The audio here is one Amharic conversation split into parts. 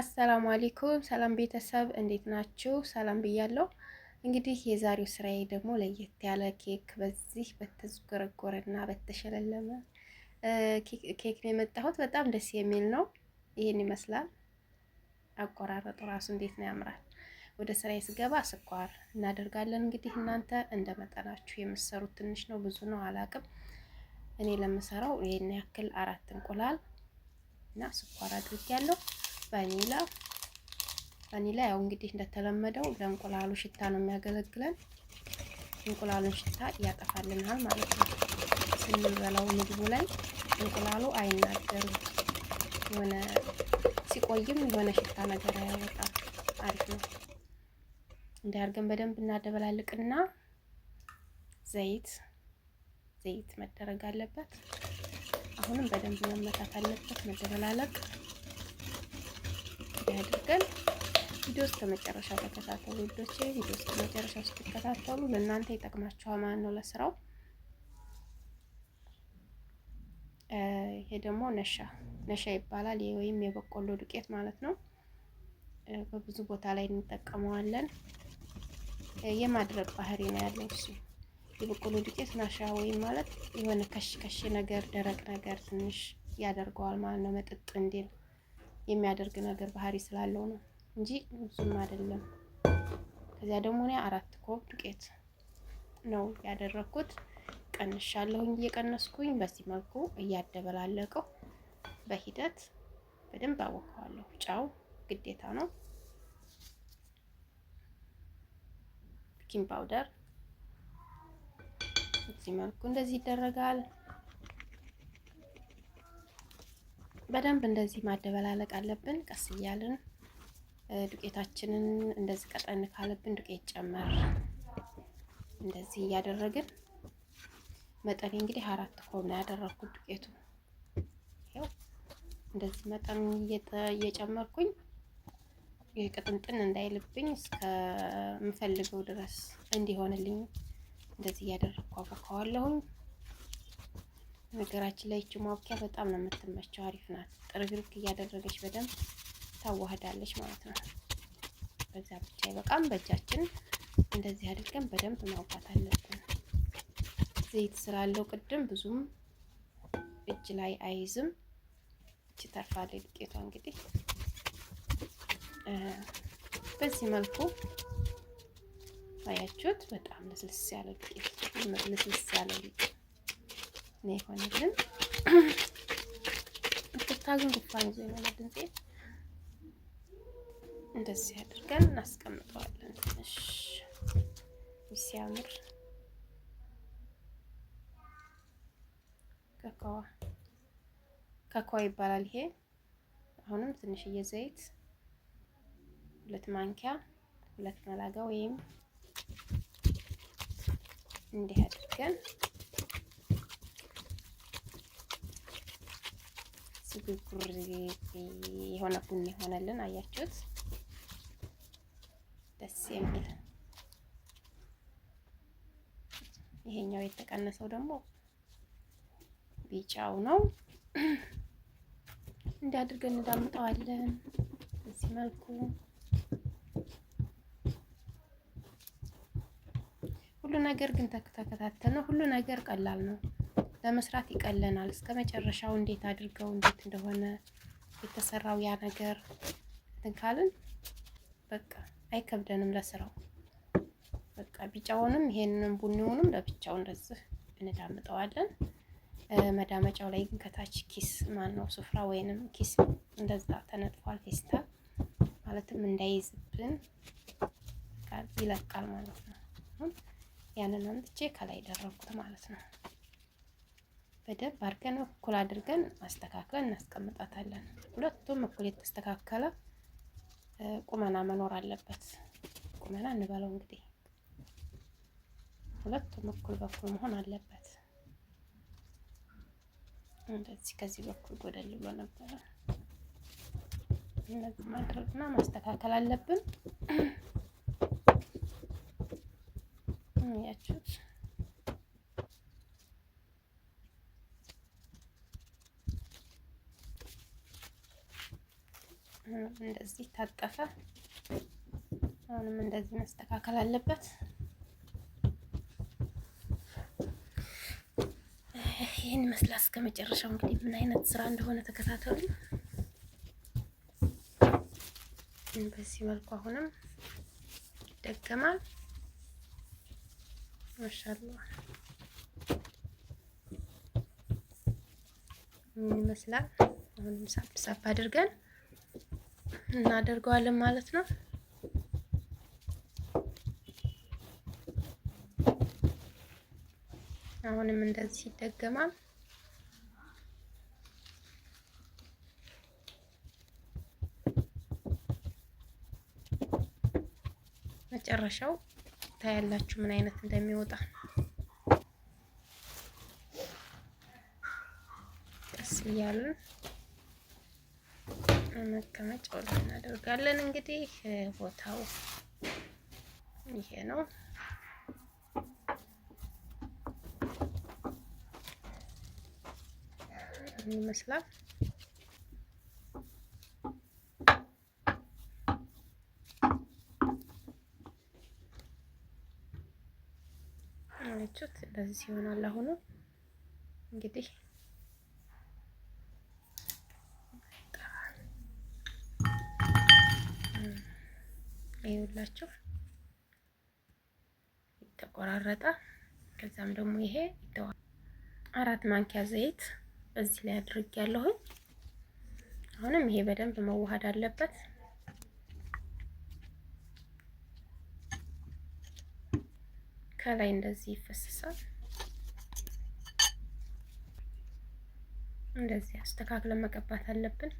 አሰላሙ አሌይኩም ሰላም ቤተሰብ እንዴት ናችሁ? ሰላም ብያለሁ። እንግዲህ የዛሬው ስራዬ ደግሞ ለየት ያለ ኬክ በዚህ በተዝጎረጎረና በተሸለለመ ኬክ ነው የመጣሁት። በጣም ደስ የሚል ነው። ይህን ይመስላል። አቆራረጡ ራሱ እንዴት ነው ያምራል። ወደ ስራዬ ስገባ ስኳር እናደርጋለን። እንግዲህ እናንተ እንደ መጠናችሁ የምትሰሩት ትንሽ ነው ብዙ ነው አላቅም። እኔ ለምሰራው ይህን ያክል አራት እንቁላል እና ስኳር አድርጌያለሁ። ቫኒላ ቫኒላ ያው እንግዲህ እንደተለመደው ለእንቁላሉ ሽታ ነው የሚያገለግለን። እንቁላሉን ሽታ ያጠፋልናል ማለት ነው። ስንበላው ምግቡ ላይ እንቁላሉ አይናገርም። የሆነ ሲቆይም የሆነ ሽታ ነገር ያወጣ ። አሪፍ ነው። እንዲህ በደንብ እናደበላልቅና ዘይት ዘይት መደረግ አለበት። አሁንም በደንብ መመታት አለበት መደበላለቅ አድርገን ቪዲዮ እስከ መጨረሻ ተከታተሉ ውዶቼ። ቪዲዮ እስከ መጨረሻ ስትከታተሉ ለእናንተ ይጠቅማችኋል ማለት ነው ለስራው። ይሄ ደግሞ ነሻ ነሻ ይባላል ወይም የበቆሎ ዱቄት ማለት ነው። በብዙ ቦታ ላይ እንጠቀመዋለን። የማድረቅ ባህሪ ነው ያለው እሱ የበቆሎ ዱቄት ናሻ ወይም ማለት የሆነ ከሽ ከሽ ነገር ደረቅ ነገር ትንሽ ያደርገዋል ማለት ነው መጠጥ እንዲል የሚያደርግ ነገር ባህሪ ስላለው ነው እንጂ ብዙም አይደለም። ከዚያ ደግሞ እኔ አራት ኮብ ዱቄት ነው ያደረግኩት። ቀንሻለሁኝ። እየቀነስኩኝ በዚህ መልኩ እያደበላለቀው በሂደት በደንብ አወቀዋለሁ። ጫው ግዴታ ነው። ቤኪንግ ፓውደር በዚህ መልኩ እንደዚህ ይደረጋል። በደንብ እንደዚህ ማደበላለቅ አለብን። ቀስ እያልን ዱቄታችንን እንደዚህ ቀጠን ካለብን ዱቄት ጨመር እንደዚህ እያደረግን መጠን እንግዲህ አራት ኮብ ነው ያደረግኩት ዱቄቱ እንደዚህ መጠን እየጨመርኩኝ ቅጥንጥን እንዳይልብኝ እስከምፈልገው ድረስ እንዲሆንልኝ እንደዚህ እያደረግኩ አቦካዋለሁኝ። ነገራችን ላይ እቺ ማውኪያ በጣም ነው የምትመቸው፣ አሪፍ ናት። ጥርግርግ እያደረገች በደንብ ታዋህዳለች ማለት ነው። በዛ ብቻ በቃም በእጃችን እንደዚህ አድርገን በደንብ ማውቃት አለብን። ዘይት ስላለው ቅድም ብዙም እጅ ላይ አይዝም። እቺ ተርፋለ ዱቄቷ እንግዲህ በዚህ መልኩ ታያችሁት። በጣም ልስልስ ያለ ዱቄት ልስልስ ያለ ዱቄት ነው የሆነልን። ትታግን ጉፋን ይዞ የሆነልን ጤፍ እንደዚህ አድርገን እናስቀምጠዋለን። ትንሽ ሲያምር ከከዋ ከከዋ ይባላል ይሄ። አሁንም ትንሽዬ ዘይት ሁለት ማንኪያ ሁለት መላጋ ወይም እንዲህ አድርገን ዝጉርጉር የሆነ ቡኒ ሆነልን። አያችሁት? ደስ የሚል ይሄኛው የተቀነሰው ደግሞ ቢጫው ነው። እንዲያድርገን እንዳምጠዋለን። በዚህ መልኩ ሁሉ ነገር ግን ተከታተል ነው። ሁሉ ነገር ቀላል ነው። ለመስራት ይቀለናል። እስከ መጨረሻው እንዴት አድርገው እንዴት እንደሆነ የተሰራው ያ ነገር እንትን ካልን በቃ አይከብደንም ለስራው። በቃ ቢጫውንም ይሄንንም ቡኒውንም ለብቻው እንደዚህ እንዳምጠዋለን። መዳመጫው ላይ ግን ከታች ኪስ ማን ነው ስፍራ ወይንም ኪስ እንደዛ ተነጥፏል። ፌስታ ማለትም እንዳይዝብን ይለቃል ማለት ነው። ያንን አምጥቼ ከላይ ደረኩት ማለት ነው። በደንብ አድርገን እኩል አድርገን አስተካክለን እናስቀምጣታለን። ሁለቱም እኩል የተስተካከለ ቁመና መኖር አለበት። ቁመና እንበለው እንግዲህ ሁለቱም እኩል በኩል መሆን አለበት። እንደዚህ ከዚህ በኩል ጎደል ብሎ ነበረ። እነዚህ ማድረግና ማስተካከል አለብን። ያችሁት እንደዚህ ታጠፈ። አሁንም እንደዚህ መስተካከል አለበት። ይህን ይመስላል። እስከ መጨረሻው እንግዲህ ምን አይነት ስራ እንደሆነ ተከታተሉ። በዚህ መልኩ አሁንም ይደገማል። ማሻአላ ይመስላል። አሁንም ሳብ ሳብ አድርገን እናደርገዋለን ማለት ነው። አሁንም እንደዚህ ይደገማል። መጨረሻው ታያላችሁ ምን አይነት እንደሚወጣ። ቀስ መቀመጫው ላይ እናደርጋለን። እንግዲህ ቦታው ይሄ ነው። ይመስላል አለችት። ለዚህ ይሆናል አሁኑ እንግዲህ ይኸውላችሁ ተቆራረጠ። ከዛም ደግሞ ይሄ አራት ማንኪያ ዘይት እዚህ ላይ አድርግ ያለሁኝ። አሁንም ይሄ በደንብ መዋሃድ አለበት። ከላይ እንደዚህ ይፈሰሳል እንደዚህ አስተካክለን መቀባት አለብን።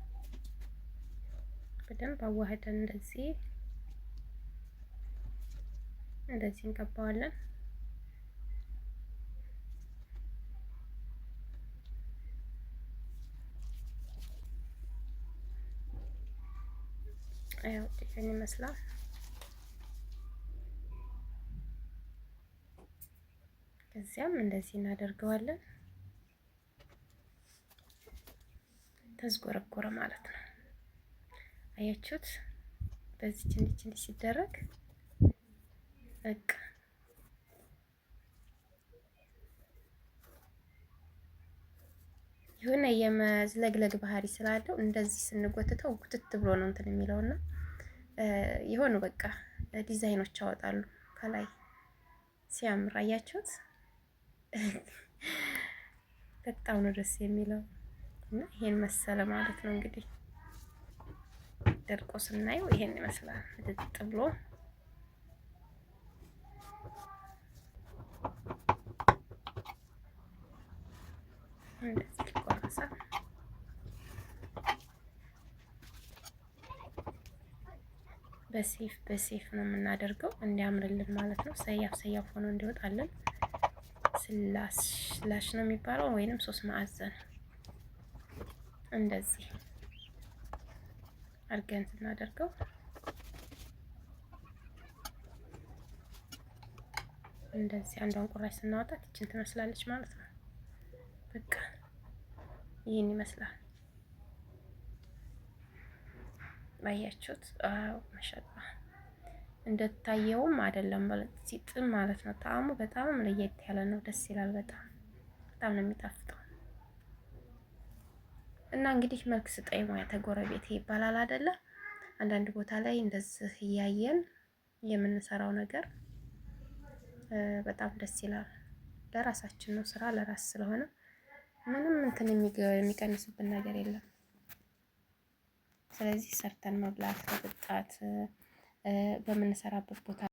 በደንብ አዋህደን እንደዚህ እንደዚህ እንቀባዋለን። ያው ይመስላል። ከዚያም እንደዚህ እናደርገዋለን። ተዝጎረጎረ ማለት ነው። አያችሁት? በዚህ ችንች ሲደረግ በቃ የሆነ የመዝለግለግ ባህሪ ስላለው እንደዚህ ስንጎትተው ጉትት ብሎ ነው እንትን የሚለውና የሆኑ በቃ ዲዛይኖች ያወጣሉ ከላይ ሲያምር አያችሁት። በጣም ነው ደስ የሚለው እና ይሄን መሰለ ማለት ነው እንግዲህ ደርቆ ስናየው ይሄን ይመስላል ጥጥ ብሎ እንደዚህ ይቆረሳል። በሴፍ በሴፍ ነው የምናደርገው እንዲያምርልን ማለት ነው። ሰያፍ ሰያፍ ሆኖ እንዲወጣልን ስላሽ ነው የሚባለው ወይንም ሶስት ማዕዘን እንደዚህ አድርገን ስናደርገው እንደዚህ አንዷን ቁራጭ ስናወጣት ይችን ትመስላለች ማለት ነው። በቃ ይህን ይመስላል። ባያችሁት አው መሻላ እንደታየውም አይደለም ሲጥም ማለት ነው። ጣዕሙ በጣም ለየት ያለ ነው። ደስ ይላል። በጣም በጣም ነው የሚጣፍጠው። እና እንግዲህ መልክ ስጠይ ማለት ጎረቤት ይባላል አይደለ? አንዳንድ ቦታ ላይ እንደዚህ እያየን የምንሰራው ነገር በጣም ደስ ይላል። ለራሳችን ነው ስራ ለራስ ስለሆነ ምንም እንትን የሚቀንስብን ነገር የለም። ስለዚህ ሰርተን መብላት መጠጣት በምንሰራበት ቦታ